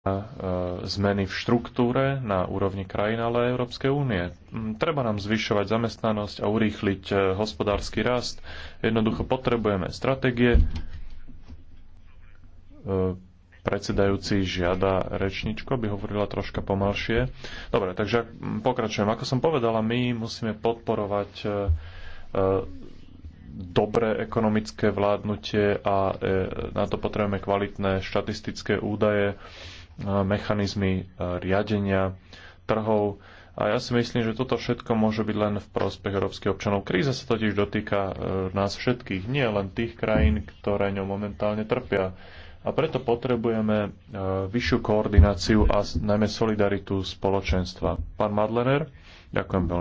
E, zmeny v štruktúre na úrovni krajín, ale Európskej únie. Mm, treba nám zvyšovať zamestnanosť a urýchliť e, hospodársky rast. Jednoducho potrebujeme stratégie. E, predsedajúci žiada rečničko, by hovorila troška pomalšie. Dobre, takže pokračujem. Ako som povedala, my musíme podporovať dobré ekonomické vládnutie a na to potrebujeme kvalitné štatistické údaje mechanizmy e, riadenia trhov. A ja si myslím, že toto všetko môže byť len v prospech európskych občanov. Kríza sa totiž dotýka e, nás všetkých, nie len tých krajín, ktoré ňou momentálne trpia. A preto potrebujeme e, vyššiu koordináciu a najmä solidaritu spoločenstva. Pán Madlener, ďakujem veľmi.